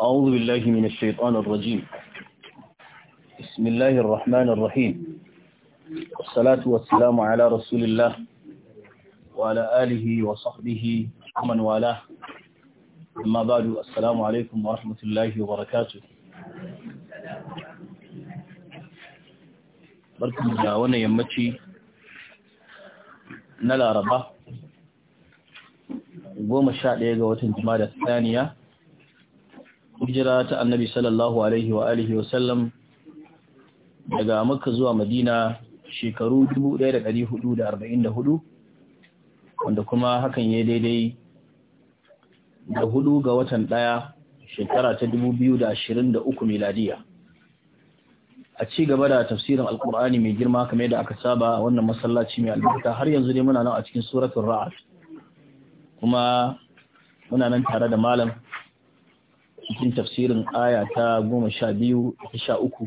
أعوذ بالله من الشيطان الرجيم بسم الله الرحمن الرحيم والصلاة والسلام على رسول الله وعلى آله وصحبه ومن والاه أما بعد السلام عليكم ورحمة الله وبركاته بركم da وانا yammaci na laraba goma sha ɗaya ga watan jima'a hijira ta annabi sallallahu alaihi wa alihi wa sallam daga makka zuwa madina shekaru 1444 wanda kuma hakan ya daidai da hudu ga watan daya shekara ta 2023 miladiya a ci gaba da tafsirin alkur'ani mai girma kamar yadda aka saba wannan masallaci mai albarka har yanzu dai muna nan a cikin suratul ra'd kuma muna nan tare da malam cikin tafsirin aya ta goma sha biyu da sha uku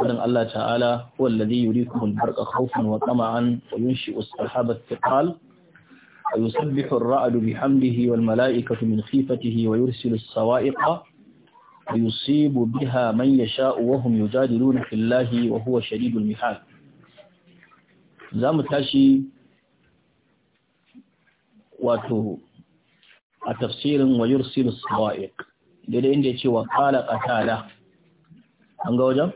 wadda Allah ta'ala wallazi yurikum al-barqa khawfan wa tama'an wa yunshi'u wasu sahaba al a wa yusabbihu ra'adu bi hamdihi wal mala'ikatu min khifatihi wa yursilu as-sawa'iqa wa yusibu biha man yasha'u wa hum yujadiluna fillahi wa huwa shadidul mihal zamu tashi wato a tafsirin wa yursilu sawa'iq daidai inda ya ce wa qala qatada an ga wajen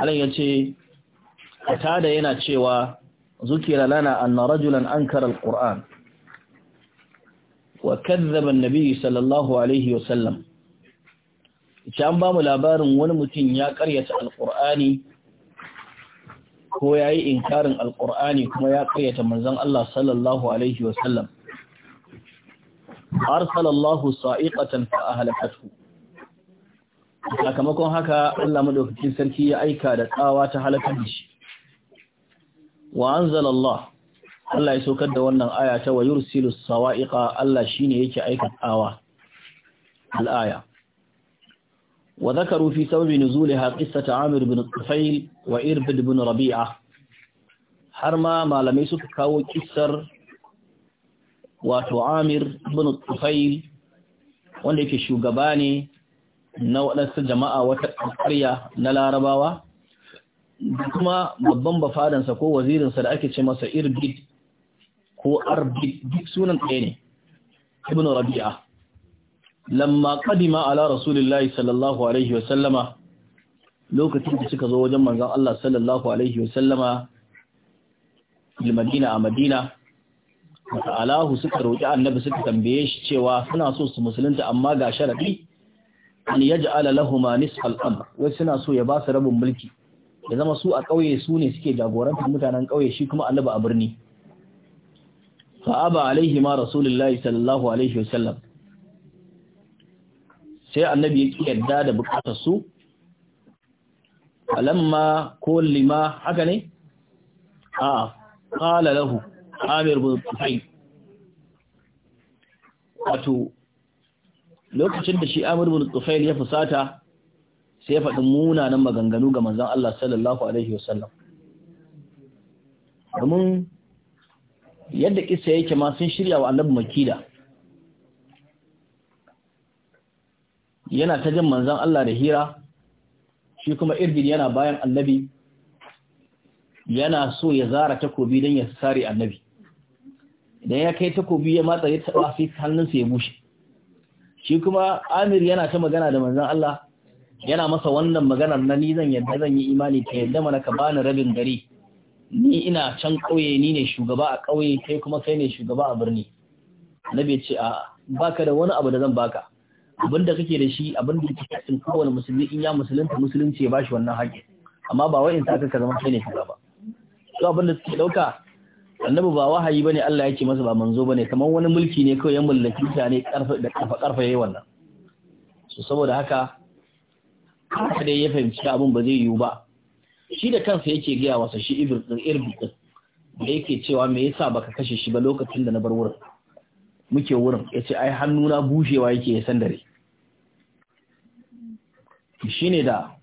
alan ya ce qatada yana cewa zukira lana anna rajulan ankara alquran wa kadhaba an-nabi sallallahu alaihi wa sallam Ita an ba mu labarin wani mutum ya karyata alqur'ani ko yayi inkarin alqur'ani kuma ya karyata manzon Allah sallallahu alaihi wa sallam arsalallahu sa'iqatan fa ahlakathu sakamakon haka Allah madaukakin sarki ya aika da tsawa ta halakar da shi wa anzalallah Allah ya saukar da wannan aya ta wa yursilu sawa'iqa Allah shine yake aika tsawa al-aya wa dhakaru fi sababi nuzuliha qissata Amir bin Tufail wa Irbid bin Rabi'a har ma malamai suka kawo kissar wato Amir ibn Tufail wanda yake shugaba ne na waɗansu jama'a wata ƙarya na Larabawa kuma babban bafadansa ko wazirinsa da ake ce masa Irbid ko Arbid duk sunan ɗaya ne Ibn Rabi'a lamma qadima ala Rasulillahi sallallahu alaihi wa sallama lokacin da suka zo wajen manzon Allah sallallahu alaihi wa sallama Madina a Madina alahu suka roƙi annabi suka tambaye shi cewa suna so su musulunta amma ga sharadi an yaj'ala lahum nisfal amr wai suna so ya ba su rabin mulki ya zama su a ƙauye su ne suke jagorantar mutanen ƙauye shi kuma annabi a birni fa aba alaihi ma rasulullahi sallallahu alaihi sallam sai annabi ya yarda da bukatar su alamma ko lima haka ne a qala lahu amir bin tufai wato lokacin da shi amir bin tufai ya fusata sai faɗin faɗi munanan maganganu ga Manzan Allah sallallahu alaihi wasallam domin yadda kisa yake ma sun shirya wa annabi makida yana ta jin manzan Allah da hira shi kuma irgin yana bayan annabi yana so ya zara takobi don ya sare annabi idan ya kai takobi ya matsa ya taɓa sai hannunsa ya bushe shi kuma amir yana ta magana da manzon Allah yana masa wannan maganar na ni zan yadda zan yi imani ta yadda mana ka bani rabin gari? ni ina can ƙauye ni ne shugaba a ƙauye kai kuma kai ne shugaba a birni annabi ce a baka da wani abu da zan baka abin da kake da shi abin da kake cikin kowane musulmi in ya musulunta musulunci ya bashi wannan haƙƙi amma ba wai in saka ka zama kai ne shugaba to abin da suke ɗauka? annabi ba wahayi bane Allah yake masa ba manzo bane kamar wani mulki ne kawai ya mallaki mutane karfa da karfa karfa yayi wannan so saboda haka kada dai ya fahimci abin ba zai yiwu ba shi da kansa yake gaya wasa shi ibir irbi da yake cewa me yasa baka kashe shi ba lokacin da na bar wurin muke wurin yace ai hannuna bushewa yake ya san dare shine da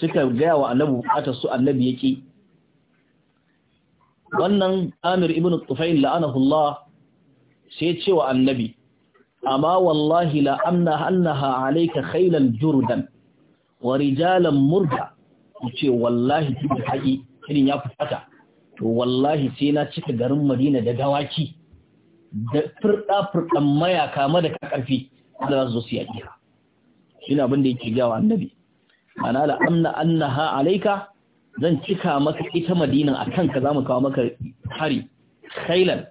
suka gaya wa annabi bukatar su annabi yake wannan amir ibn tufail la'anahullah sai cewa annabi amma wallahi la amna annaha alayka khaylan jurdan wa rijalan murda ce wallahi duk haƙi irin ya fata to wallahi sai na cika garin Madina da dawaki da furda furdan maya kama da karfi da zasu su yi akira shine abin da yake gawa annabi ana la amna annaha alayka zan cika maka ita madinan a kanka za mu kawo maka hari khailan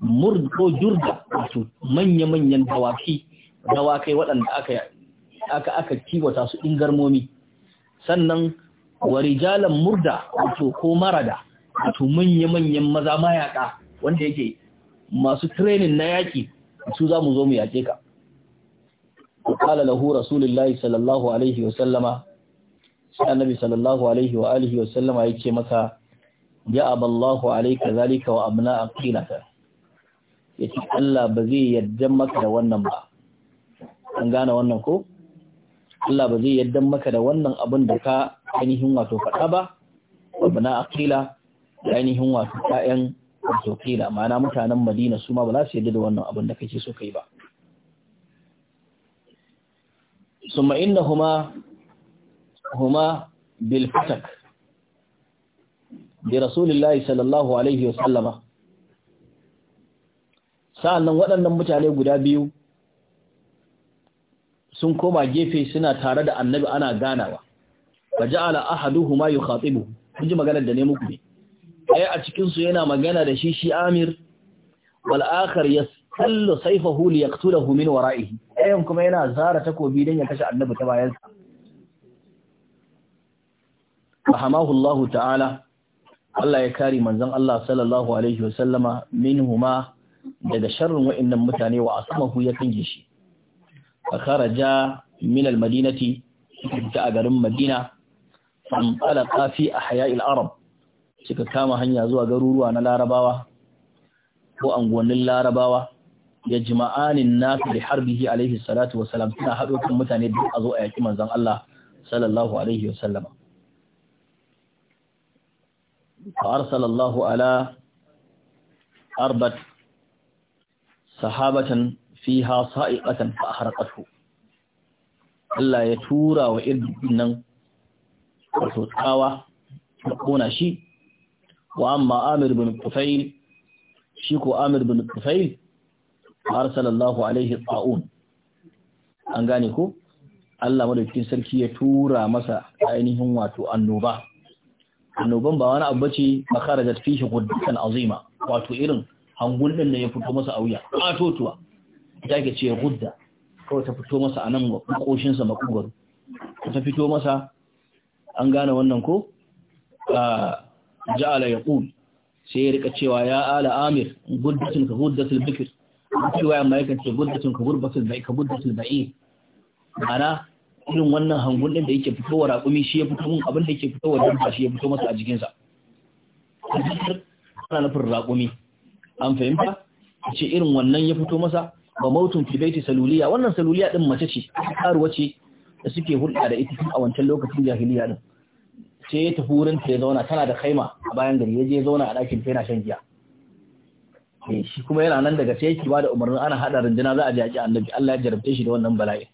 murd ko jurda wato manya-manyan dawaki dawakai waɗanda aka aka aka kiwata su in garmomi sannan wa rijalan murda wato ko marada wato manya-manyan maza mayaka wanda yake masu training na yaki, su za mu zo mu yake ka. Kala lahu Rasulullahi sallallahu Alaihi wasallama annabi sallallahu alaihi wa alihi wa sallama yake maka ya aballahu alayka zalika wa abna aqilaka yace Allah ba zai yadda maka da wannan ba an gane wannan ko Allah ba zai yadda maka da wannan abin da ka ainihin wato faɗa ba abna aqila da ainihin wato ƴaƴan wato qila ma'ana mutanen Madina su ma ba za su yadda da wannan abin da kake so kai ba summa innahuma huma bil fatak bi rasulillahi sallallahu sa'annan waɗannan mutane guda biyu sun koma gefe suna tare da annabi ana ganawa wa ja'ala ahaduhuma yukhatibu kun ji maganar da ne muku ne ai a cikin su yana magana da shi shi Amir wal akhar yasallu sayfahu li yaqtulahu min wara'ihi ayan kuma yana zara takobi dan ya kashe annabi ta bayansa rahamahu Allah ta'ala Allah ya kare manzon Allah sallallahu alaihi wasallama minhuma daga sharrin wa'annan mutane wa asmahu ya kange shi fa kharaja min al-madinati ta garin Madina an talaqa fi ahya'il arab suka kama hanya zuwa garuruwa na Larabawa ko anguwannin Larabawa ya jima'anin nasu da harbihi alaihi salatu wasalam suna haɗo kan mutane duk a zo a yaki manzon Allah sallallahu alaihi wasallama فأرسل الله على أربعة sahabatan fiha sa'iqatan fa harqathu Allah ya tura wa irin nan wato tsawa ta kona shi wa amma Amir bin Tufail shi ko Amir bin Tufail arsalallahu alaihi ta'un an gane ko Allah madaukakin sarki ya tura masa ainihin wato annoba annoban ba wani abu ce ba da fihi quddatan azima wato irin hangun din da ya fito masa a wuya A katotuwa ke ce gudda kawai ta fito masa anan ga kokoshin sa ta fito masa an gane wannan ko ah, ja'ala yaqul sai ya rika cewa ya ala amir guddatun ka guddatul bikr cewa amma yakan ce guddatun ka gurbatul bai ka guddatul bai ana irin wannan hangun ɗin da yake wa raƙumi shi ya fito mun abin da yake fitowa dabba shi ya fito masa a jikinsa ana nufin raƙumi an fahimta ce irin wannan ya fito masa ba mautun fibaiti saluliya wannan saluliya din mace ce karuwa ce da suke hulɗa da ita a wancan lokacin jahiliya din sai ya tafi wurin ta ya zauna tana da kaima a bayan gari ya je ya zauna a ɗakin ta yana shan giya eh, shi kuma yana nan daga sai yake bada umarnin ana haɗa rundunar za a ji annabi Allah ya jarabce shi da wannan bala'i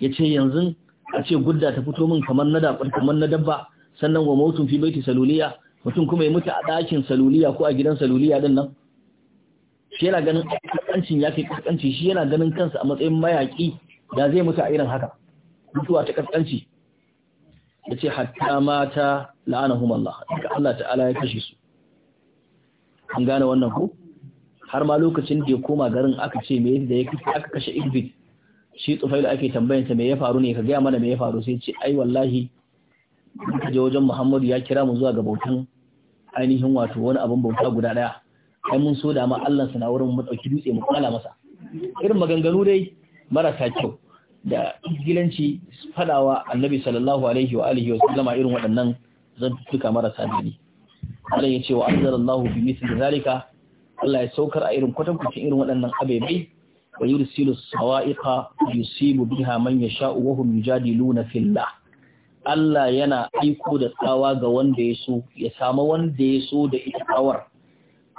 ya ce yanzu a ce gudda ta fito min kamar na dabar kamar na dabba sannan wa mautun fi baiti saluliya mutum kuma ya mutu a ɗakin saluliya ko a gidan saluliya din nan shi yana ganin kaskancin ya kai kaskanci shi yana ganin kansa a matsayin mayaƙi da zai mutu a irin haka mutuwa ta kaskanci ya ce hatta mata la'anahum Allah daga Allah ta'ala ya kashe su an gane wannan ko har ma lokacin da ya koma garin aka ce me da ya aka kashe Idris shi tsufailu ake tambayansa me ya faru ne ka gaya mana me ya faru sai ce ai wallahi ka je wajen Muhammadu ya kira mu zuwa ga bautan ainihin wato wani abin bauta guda daya ai mun so da ma Allah sana wurin mu dauki dutse mu kala masa irin maganganu dai marasa kyau da gilanci fadawa Annabi sallallahu alaihi wa alihi wa sallama irin waɗannan zan tuka marasa dani Allah ya ce wa anzalallahu bi mithli zalika Allah ya saukar a irin kwatankwacin irin waɗannan abebai wa yursilu sawa'iqa yusibu biha man yasha'u wa hum yujadiluna Allah yana aiko da tsawa ga wanda ya so ya samu wanda ya so da ita tsawar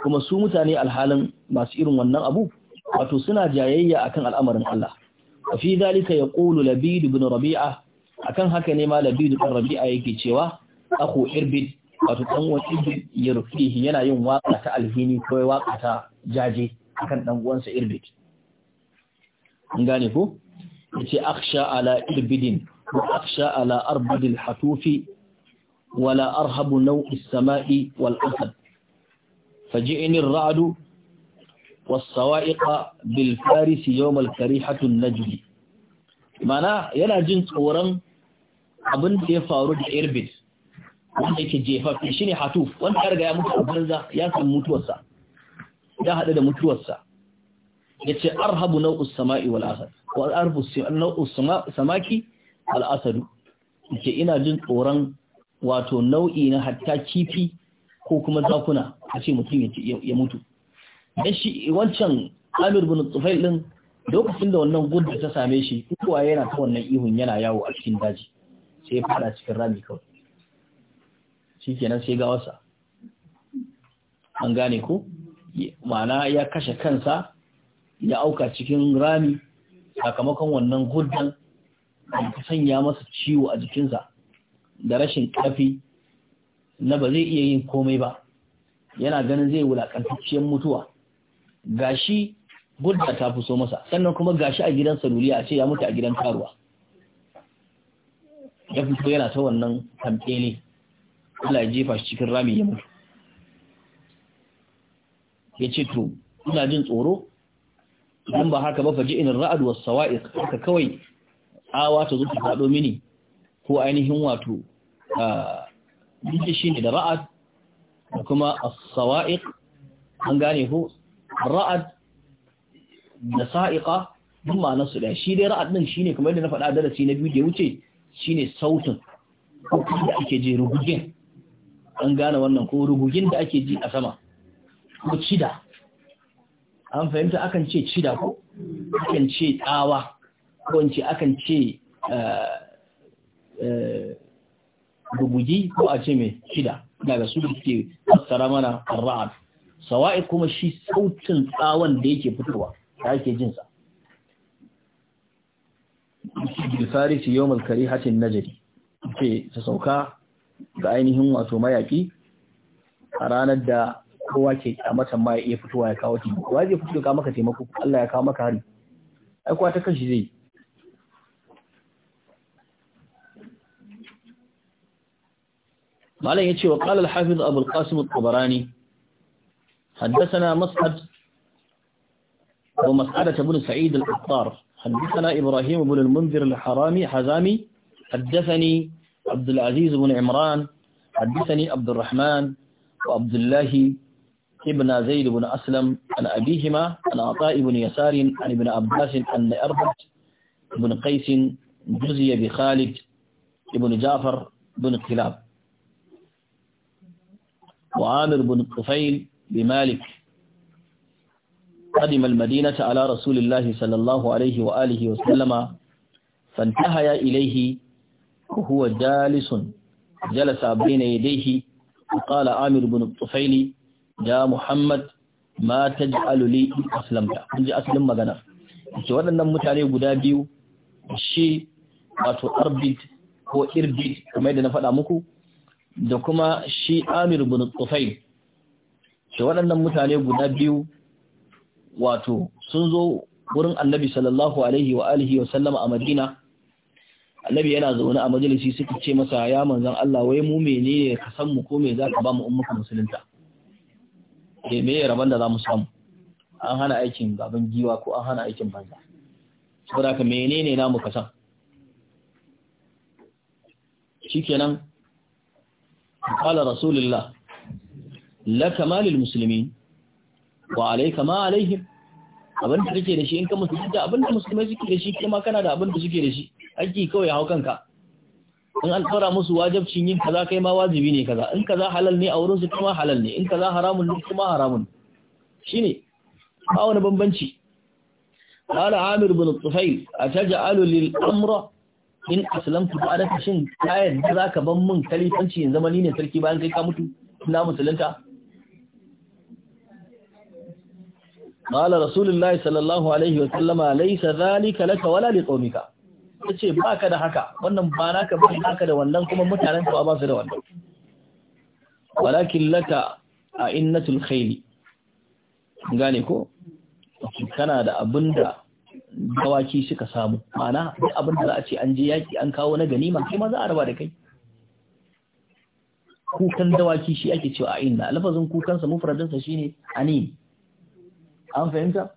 kuma su mutane alhalin masu irin wannan abu wato suna jayayya akan al'amarin Allah wa fi dalika yaqulu Labidu bin rabi'a akan haka ne ma Labidu bin rabi'a yake cewa ako irbid wato dan wani yarfihi yana yin waƙa ta alhini ko waƙa ta jaje akan ɗan uwansa irbid an gane ko yace akhsha ala irbidin wa akhsha ala arbadil hatufi wala arhabu naw'i as-sama'i wal asad faji'ni ar-ra'du was-sawa'iq bil faris yawm al-karihatu an mana yana jin tsoron abin da ya faru da irbid wanda yake jefafi shine hatuf wanda ya riga ya mutu banza ya san mutuwarsa ya da mutuwarsa yace arhabu nau'us sama'i wal asad wa arhabu nau'us samaki al asad yace ina jin tsoron wato nau'i na hatta kifi ko kuma zakuna a ce mutum ya mutu dan shi wancan Amir bin Tufail din lokacin da wannan gudda ta same shi kowa yana ta wannan ihun yana yawo a cikin daji sai ya cikin rami kawai kenan sai gawarsa. wasa an gane ko ma'ana ya kashe kansa ya auka cikin rami sakamakon wannan guddan ta sanya masa ciwo a jikinsa da rashin ƙafi na ba zai iya yin komai ba yana ganin zai wulaƙantacciyar mutuwa gashi gudda ta fi so masa sannan kuma gashi a gidan saruliya a ce ya mutu a gidan karuwa ya fito yana ta wannan kamfeni ala ya jefa shi cikin rami ya mutu ya ce to ina jin tsoro dan ba haka ba faji ina ra'ad was sawa'iq haka kawai awa ta zo ta mini ko ainihin wato duk shi ne da ra'ad da kuma sawaiq an gane ko ra'ad da sa'iƙa duk ma'anar su da shi dai ra'ad din ne kamar yadda na faɗa darasi na biyu da wuce shine sautin da ake je rugugin an gane wannan ko rugugin da ake ji a sama ko cida an fahimta akan ce cida ko akan ce tsawa ko in ce akan ce rubuji eh, eh, ko a ce mai shida daga su da suke tsara mana ra'ad sawa'i kuma shi sautin tsawon da yake fitowa da ake jin sa bilfarisi yau malkari hatin najari ke ta sauka ga ainihin wato mayaki a ranar da kowa ke kyamatan ma ya iya fitowa ya kawo taimako wa zai fito ya kawo maka taimako Allah ya kawo maka hari ai kowa ta kanshi zai malam yace wa qala al-hafiz Abu al-Qasim al-Tabarani حدثنا مسعد ومسعدة بن سعيد الأطار حدثنا إبراهيم بن al الحرامي حزامي حدثني عبد العزيز بن عمران حدثني عبد الرحمن وعبد الله ابن زيد بن أسلم عن أبيهما عن عطاء بن يسار عن ابن عباس أن أربت بن قيس جزي بخالد بن جعفر بن كلاب وعامر بن طفيل بمالك قدم المدينة على رسول الله صلى الله عليه وآله وسلم فانتهي إليه وهو جالس جلس بين يديه وقال عامر بن الطفيل ya Muhammad ma taj'alu li aslamta kun ji asalin magana ce waɗannan mutane guda biyu shi wato Arbit ko Irbit, kamar da na faɗa muku da kuma shi amir bin tufai ce waɗannan mutane guda biyu wato sun zo wurin annabi sallallahu alaihi wa alihi wa sallama a madina annabi yana zaune a majalisi suka ce masa ya manzan Allah wai mu menene ka san mu ko me zaka ba mu ummuka musulunta Me eh, me rabon da za mu samu an hana aikin baban giwa ko an hana aikin banza saboda ka menene namu kasan shikenan qala rasulullah laka malil muslimin wa alayka ma alaihim abin da kake da shi in ka da abin da musulmai suke da shi kuma kana da abin da suke da shi aiki kawai hau kanka in an tsara musu wajabcin yin kaza kai ma wajibi ne kaza in kaza halal ne a wurin su kuma halal ne in kaza haramun ne kuma haramun shine ba wani bambanci qala amir bin tufayl ataj'alu lil amra in aslamtu ba da shin kayan da zaka ban mun kalifanci in zama ne sarki bayan kai ka mutu ina musulunta قال رسول الله صلى الله عليه وسلم ليس ذلك لك ولا لقومك ta ce ba ka da haka wannan ba naka ba haka da wannan kuma mutanen ka ba su da wannan walakin laka a innatul khayli gane ko kana da abinda dawaki suka samu mana duk abinda za a ce an je yaki an kawo na ganima kai ma za a raba da kai kukan dawaki shi ake cewa a inna lafazin kukansa sa shine anin an fahimta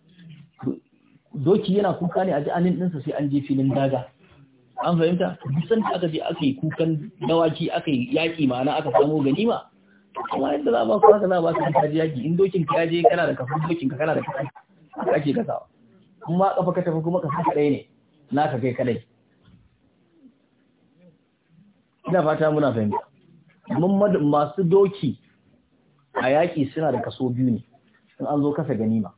doki yana kuka ne a ji anin dinsa sai an je filin daga an fahimta dusan aka je aka yi kukan dawaki aka yi yaƙi ma'ana aka gani ganima kuma yadda za a ba ku haka za a ba ka kaji yaƙi in dokin ka je kana da kafin dokin ka kana da kafin haka ake kasawa kuma kafa ka tafi kuma ka sa kaɗai ne na ka kai kaɗai ina fata muna fahimta mun masu doki a yaƙi suna da kaso biyu ne in an zo kasa ganima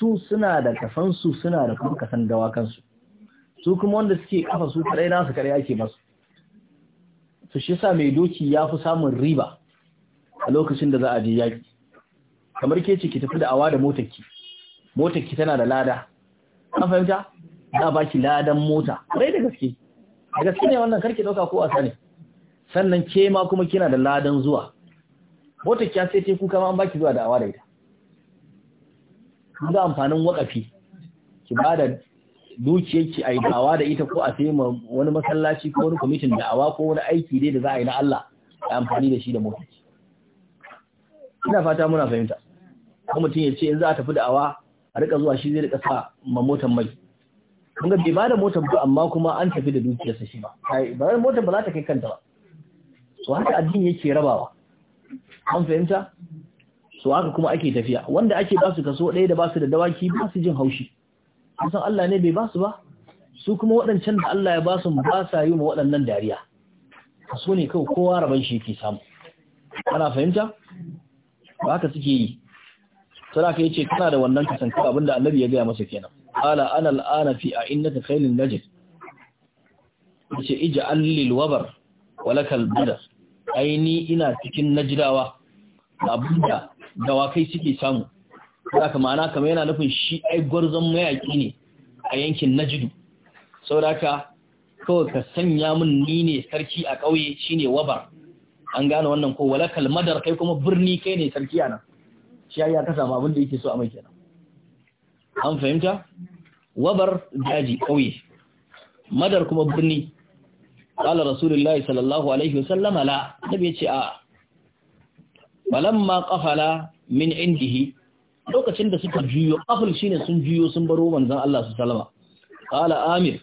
su suna da kasansu suna da kuma kasan dawakansu su kuma wanda suke kafa su kadai nasu kadai ake masu to shi yasa mai doki ya fi samun riba a lokacin da za a je yaki kamar ke ce ki tafi da awa da ki. motar ki tana da lada an fahimta za ba ki ladan mota rai da gaske da gaske ne wannan karki dauka ko wasa ne sannan ke ma kuma kina da ladan zuwa motar ki sai ce kuka ma an baki zuwa da awa da ita kun ga amfanin wakafi ki ba da dukiyarki a yi da'awa da ita ko a sai wani masallaci ko wani kwamitin da'awa ko wani aiki dai da za a yi na Allah a amfani da shi da motoci. Ina fata muna fahimta. Ko mutum ya ce in za a tafi da'awa a rika zuwa shi zai rika sa ma motar mai. Kun ga bai da motar ba amma kuma an tafi da dukiyarsa shi ba. Ai ba motar ba za ta kai kanta ba. So haka addini yake rabawa. An fahimta? So haka kuma ake tafiya. Wanda ake ba su kaso ɗaya da ba su da dawaki ba su jin haushi. kusan Allah ne bai ba su ba su kuma waɗancan da Allah ya ba su ba sa yi wa waɗannan dariya su ne kawai kowa rabon shi ke samu ana fahimta ba ka suke yi sai ka ce kana da wannan kasan, abin abinda annabi ya gaya masa kenan ala ana al'ana fi a ta innaka khailun najid ce ija lil wabar walakal badar aini ina cikin najirawa abinda dawakai suke samu ka ma'ana kamar yana nufin shi ai gwarzon mayaki ne a yankin Najidu saboda haka kawai ka sanya min ni ne sarki a ƙauye shine wabar an gane wannan ko wala kalmadar kai kuma birni kai ne sarki a nan shi ya ka samu abin da yake so a mai kenan an fahimta wabar daji ƙauye madar kuma birni qala rasulullahi sallallahu alaihi wasallama la ta ya ce a balamma ƙafala min indihi lokacin da suka juyo aful shine sun juyo sun baro manzon Allah su salama qala amir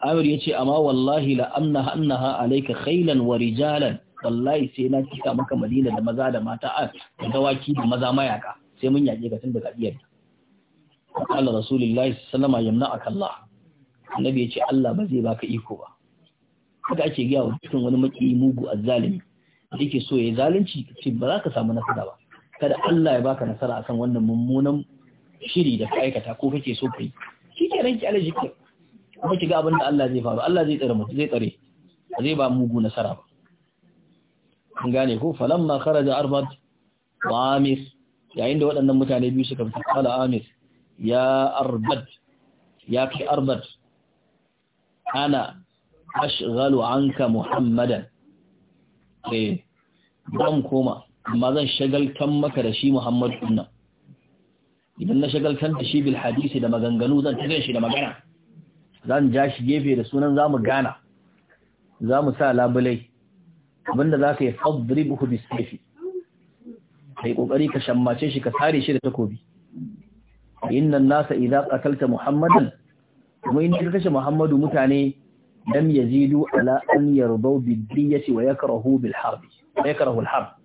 amir yace amma wallahi la amna annaha alayka khaylan wa rijalan wallahi sai na kika maka madina da maza da mata a dawaki da maza mayaka sai mun yaje ga tun da iyar Allah rasulullahi sallama yamna'aka Allah annabi yace Allah ba zai baka iko ba Kada ake gaya wa cikin wani maki mugu azzalimi yake so ya zalunci kace ba za ka samu nasara ba kada Allah ya baka nasara akan wannan mummunan shiri da ka aikata ko kake so kai shi ke ranki alaji ki kuma ki ga abin da Allah zai faru Allah zai tsare mutum zai tsare zai ba mugu nasara ba an gane ko falamma kharaja arbat wa amir yayin da waɗannan mutane biyu suka fita kala amir ya arbat ya kai arbat ana ashghalu anka muhammadan eh ban koma amma zan shagaltan maka da shi Muhammad nan idan na shagaltan da shi bil hadisi da maganganu zan tafi shi da magana zan ja shi gefe da sunan zamu gana zamu sa labulai abinda zaka yi fadribuhu bisayfi kai kokari ka shammace shi ka sare shi da takobi inna nasa idza qatalta muhammadan kuma in ka kashe muhammadu mutane dan yazidu ala an yardaw bid diyyati wa yakrahu bil harbi yakrahu al harb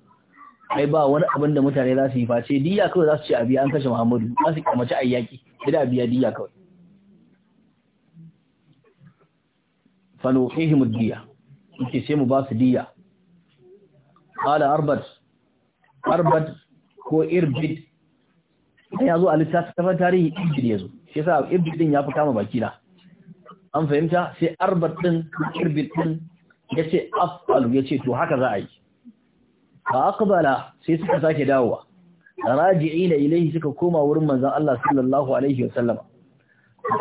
ai ba wani abin da mutane za su yi face diya kawai za su ce a biya an kashe Muhammadu za su kamace ayyaki da biya diya kawai Fano فنوحيهم ce mu ba su diya ala أربد أربد ko إربد ya zo a littattafan tarihi ibid ya zo shi yasa ibid din ya fi kama baki na an fahimta sai arbat din irbid din ya ce af'alu ya ce to haka za a yi fa aqbala sai suka sake dawowa raji'ina ilayhi suka koma wurin manzon Allah sallallahu alaihi wa sallama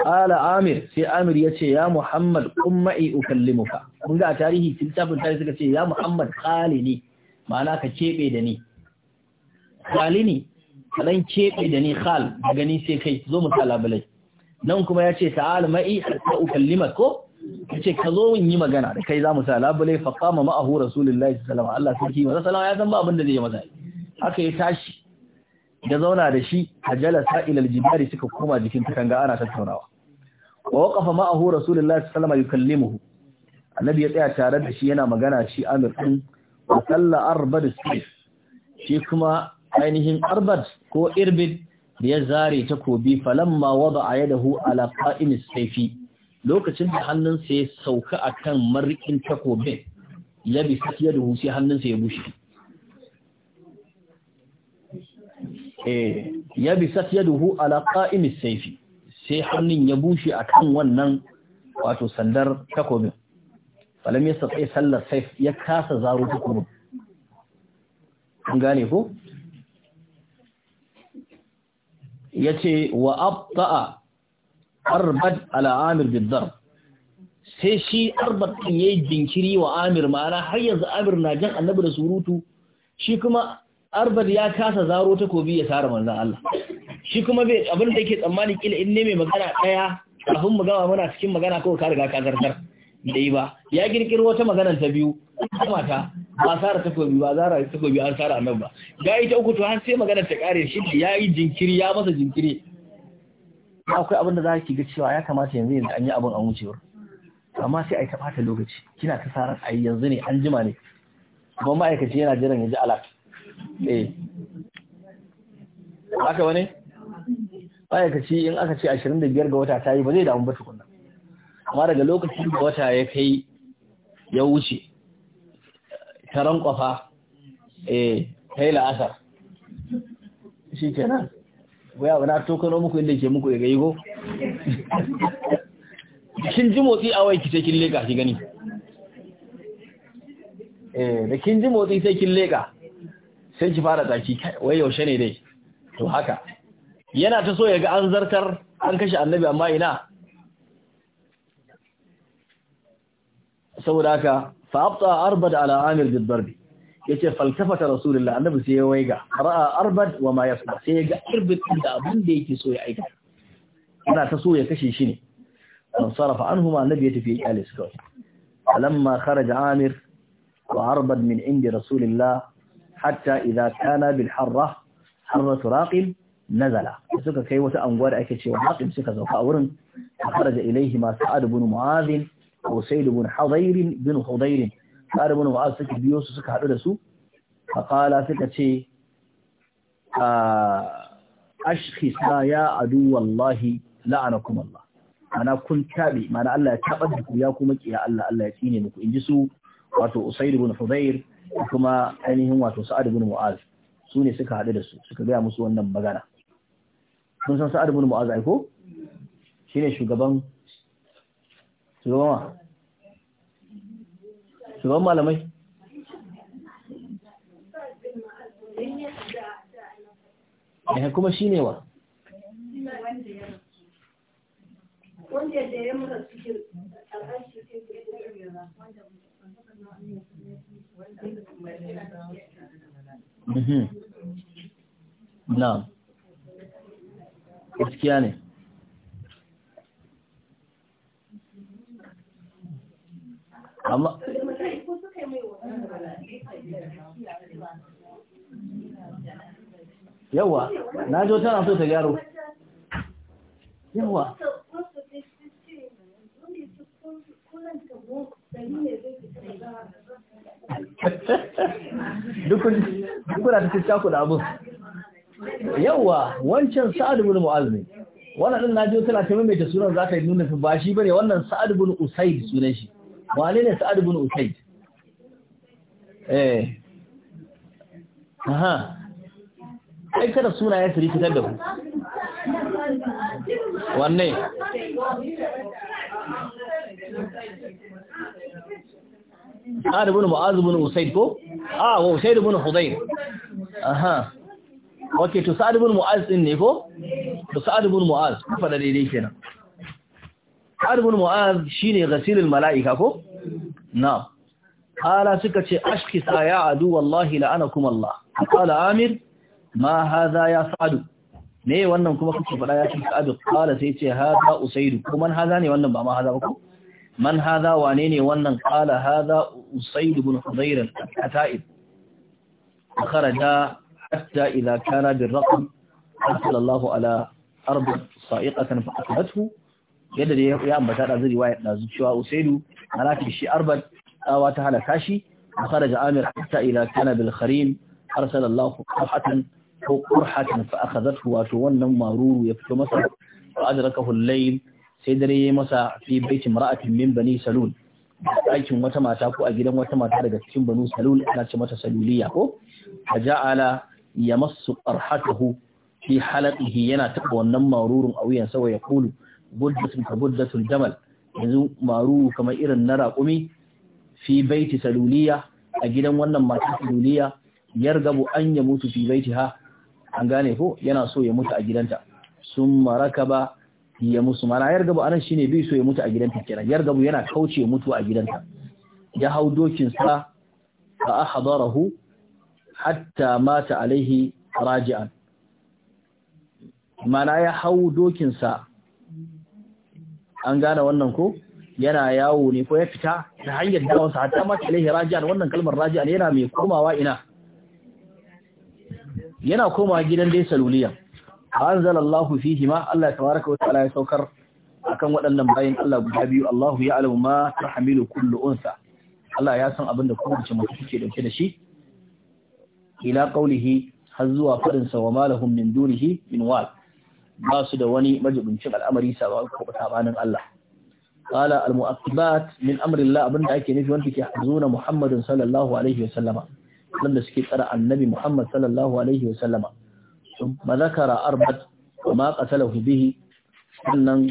ala amir sai amir yace ya muhammad i ukallimuka mun ga tarihi tiltafin tarihi suka ce ya muhammad qalini ma'ana ka kebe da ni qalini kadan kebe da ni khal daga ni sai kai zo mu kalabalai nan kuma yace ta'al ma'i hatta ukallimak ko yace ka zo mun yi magana da kai zamu sa labule fa qama ma'ahu rasulullahi sallallahu Allah sarki manzo ya san ba abin da zai masa haka ya tashi da zauna da shi jalasa sa'il aljibari suka koma jikin katanga ana tattaunawa wa waqafa ma'ahu rasulullahi Sallama yukallimuhu annabi ya tsaya tare da shi yana magana shi amir din wa salla arbad sayf shi kuma ainihin arbad ko irbid da ya zare takobi falamma wada yadahu ala qa'imis sayfi lokacin da hannunsa ya sauka a kan marikin takobin labi safiya da husi hannunsa ya bushe eh, ya bi safiya da hu alaƙa'imis saifi sai hannun ya bushe a kan wannan wato sandar takobin falam ya sassai sallar saif ya kasa zaro takobin an gane ko ya ce wa abta'a arbad ala amir bid'ar sai shi arbad din yayi jinkiri wa amir ma'ana har yanzu amir na jan annabi da surutu shi kuma arbad ya kasa zaro takobi ya sare manzon Allah shi kuma bai abin da yake tsammani kila in ne mai magana daya kafin mu gama muna cikin magana ko ka riga ka zartar dai ba ya girkiro wata magana ta biyu mata ta ba sare takobi ba zara takobi an sare annabi ba ga ita uku to har sai magana ta kare shi ya yi jinkiri ya masa jinkiri ba akwai abin da za ki ga cewa ya kamata yanzu yanzu an yi abin an wucewar amma sai a yi ta lokaci kina ta saran a yanzu ne an jima ne kuma ma'aikaci yana jiran ya ji alat eh haka wani ma'aikaci in aka ce 25 ga wata ta yi ba zai damu ba tukunna amma daga lokacin da wata ya kai ya wuce taron kwafa eh kai la'asar shi kenan waya wani tokano muku inda ke muku daga yigo kin ji motsi a wai kice kin leka ki gani eh da kin ji motsi sai kin leka sai ki fara tsaki wai yaushe ne dai to haka yana ta so ya ga an zartar an kashe annabi amma ina saboda haka fa abta arbad ala amir bid darbi yace falsafata rasulullah annabi sai ya waiga ra'a arbad wa ma yasba sai ya ga arbad da abin da yake so ya aika ana ta so ya kashe shi ne an sarafa anhuma annabi ya tafi ya kyale alamma kharaja amir wa arbad min indi rasulillah hatta idza kana bil harra harra turaqib nazala suka kai wata anguwa da ake cewa haqib suka zauka a wurin kharaja ilayhi ma sa'ad ibn mu'adh usayd ibn hudayr ibn hudayr sa'ad bin mu'az suka biyo su suka haɗu da su ƙala suka ce ashkhisa ya adu wallahi kuma Allah ana kun taɓe, mana Allah ya taɓa da ku ya kuma kiya Allah Allah ya tsine muku inji su wato bin ibn Hudayr kuma ainihin wato Sa'ad bin Mu'az su ne suka haɗu da su suka gaya musu wannan magana kun san Sa'ad bin Mu'az ai ko shine shugaban shugaban shugaban malamai eh kuma shine wa wanda ne amma yawwa na jo tana so ta gyaro yawwa dukkan da ta cikin ku abu yawwa wancan sa'ad ibn mu'az ne wannan din naji tana ta sunan za ta yi nuna ba shi bane wannan sa'ad ibn usaid sunan shi wane ne sa'ad ibn usaid eh aha ai kada sunaye su rikitar da ku wanne Sa'ad ibn Mu'az ibn Usayd ko? Ah, wa Usayd ibn Hudayr. Aha. Okay, to Sa'ad ibn Mu'az din ne ko? To Sa'ad ibn Mu'az, ku fada daidai kenan. Sa'ad ibn Mu'az shine ghasilul mala'ika ko? Na'am. suka ce سكة أشخص يا عدو الله لعنكم الله قال amir ma هذا ya sadu ne wannan kuma kuke fada ya ce Sa'ad qala sai ce hada Usayd ko man hada ne wannan ba ma hada ba man hada wane ne wannan qala hada Usayd ibn Hudayr al-Ata'id kharaja hatta idha kana bil raqm sallallahu ala arb sa'iqatan fa akhadahu yadda ya ambata da riwayat da zuciwa Usayd malaki shi arbat ta hana tashi kharaj amir hatta ila kana bil kharim arsala Allah ko qurhatan fa akhadathu wa tuwannam maruru fito masa wa adrakahu al-layl sai dare yayi masa fi baiti mar'atin min bani salul aikin wata mata ko a gidan wata mata daga cikin banu salul ana ce mata saluliya ko faja'ala yamassu qurhatahu fi halaqihi yana taɓa wannan marurun a wuyan sa wa yaqulu buddatun ka buddatul jamal yanzu maruru kamar irin na raƙumi. fi baiti saluliya a gidan wannan mata saluliya yargabu an ya mutu fi ha an gane ko yana so ya mutu a gidanta maraka ba ya musu mana yargabu anan shine bai so ya mutu a gidanta kenan yargabu yana kauce mutu a gidanta ya hau dokin sa fa ahdarahu hatta mata alaihi raji'an mana ya hau dokin sa an gane wannan ko yana yawo ne ko ya fita ta hanyar dawansa hatta mata ilaihi raji'an wannan kalmar raji'an yana mai komawa ina yana komawa gidan dai saluliya anzalallahu fihi ma Allah tabaaraka wa ta'ala ya saukar akan waɗannan bayin Allah guda biyu Allahu alamu ma tahmilu kullu unsa Allah ya san abin da kowace mace take dauke da shi ila qawlihi har zuwa fadin sa wa malahum min dunihi min wal ba su da wani majibincin al'amari sabanin Allah qala al mu'aqibat min amri Allah abinda ake nufi wanda ke hazuna Muhammadin sallallahu alaihi wa sallama da suke tsara annabi Muhammad sallallahu alaihi wa sallama ma zakara arbat ma qatalahu bihi sannan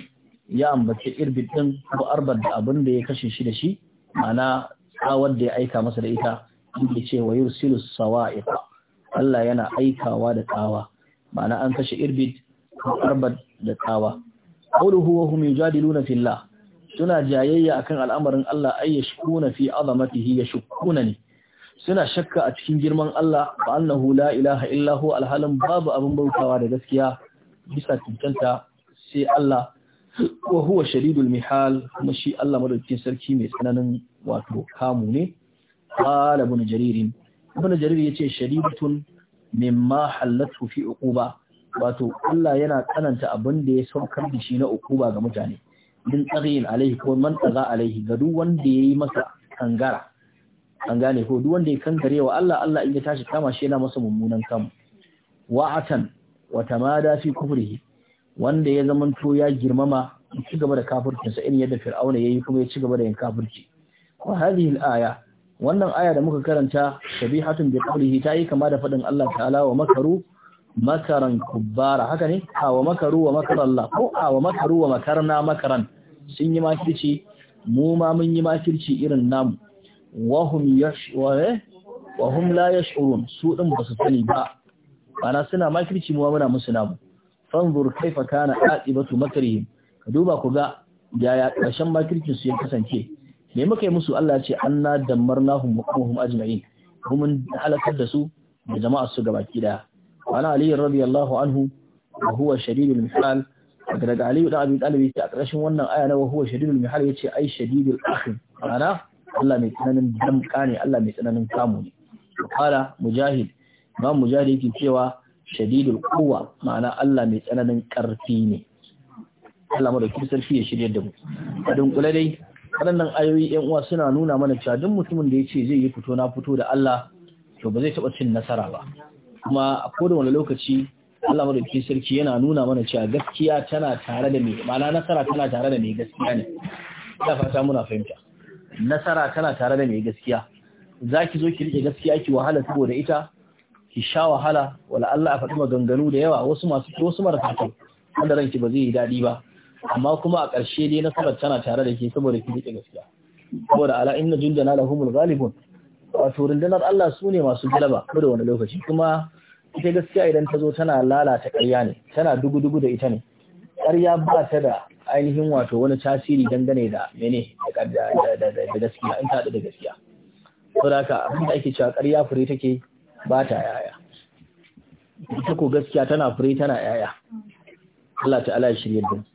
ya ambaci irbi din ko arbat da abinda ya kashe shi da shi ma'ana tsawar da ya aika masa da ita inda ce wa yursilu sawa'iq Allah yana aikawa da tsawa ma'ana an kashe irbid ko arbat da tsawa qawluhu wa hum yujadiluna fillah suna jayayya akan al'amarin Allah ay yashkuna fi azamatihi shukuna ne suna shakka a cikin girman Allah ba annahu la ilaha illa hu alhalin babu abin bautawa da gaskiya bisa cancanta sai Allah wa huwa shadidul mihal kuma shi Allah madaukakin sarki mai tsananin wato kamu ne qala ibn jarir ibn jarir ce shadidatun mimma halatu fi uquba wato Allah yana tsananta abin da ya saukar da shi na uquba ga mutane min tsarin alaihi ko man tsaga alaihi ga duk wanda ya yi masa kangara an gane ko duk wanda ya kankare wa Allah Allah in ya tashi kama shi yana masa mummunan kam wa'atan wa tamada fi kufrihi wanda ya zamanto ya girmama ci gaba da kafircinsa in yadda fir'auna yayi kuma ya ci gaba da yin kafirci wa hadhihi al-aya wannan aya da muka karanta shabihatun bi qawlihi ta yi kama da fadin Allah ta'ala wa makaru makaran kubbara haka ne awa makaru wa makarallah ko awa makaru wa makarna makaran sun yi makirci mu ma mun yi makirci irin namu wahum yashware wahum eh? la yashurun su din ba su sani ba ana suna makirci mu muna musu namu fanzur kaifa kana aqibatu makrihim ka duba ku ga yaya karshen makircin su ya kasance me muka yi musu Allah ya ce anna damarnahum wa hum ajma'in kuma halakar da su da jama'a su gabaki daya ana Aliyu radiyallahu anhu wa huwa shadidul mihal daga daga ali da abi talib a ƙarshen wannan aya na wa huwa shadidul mihal ce ai shadidul akhim ma'ana Allah mai tsananin damƙa ne Allah mai tsananin kamu ne qala mujahid ma mujahid yake cewa shadidul quwwa ma'ana Allah mai tsananin karfi ne Allah madaukakin sarki ya shirye da mu a dunkule dai waɗannan ayoyi ‘yan uwa suna nuna mana cewa duk mutumin da ya ce zai yi fito na fito da Allah to ba zai taɓa cin nasara ba kuma a koda wani lokaci Allah madaukakin sarki yana nuna mana cewa gaskiya tana tare da mai ma'ana nasara tana tare da mai gaskiya ne ina fata muna fahimta nasara tana tare da mai gaskiya zaki zo ki rike gaskiya ki wahala saboda ita ki sha wahala wala Allah a faɗi maganganu da yawa wasu masu wasu marasa kyau wanda ranki ba zai yi daɗi ba amma kuma a ƙarshe dai nasara tana tare da ke saboda ki rike gaskiya saboda ala inna jundana lahumul ghalibun wato rundunar Allah su ne masu galaba ko da wani lokaci kuma ita gaskiya idan ta zo tana lalata ƙarya ne tana dugu-dugu da ita ne ƙarya ba ta da ainihin wato wani tasiri dangane da mene da gaskiya in ta da gaskiya to da haka abin da ake cewa ƙarya fure take ba ta yaya ita ko gaskiya tana fure tana yaya Allah ta'ala ya shirye da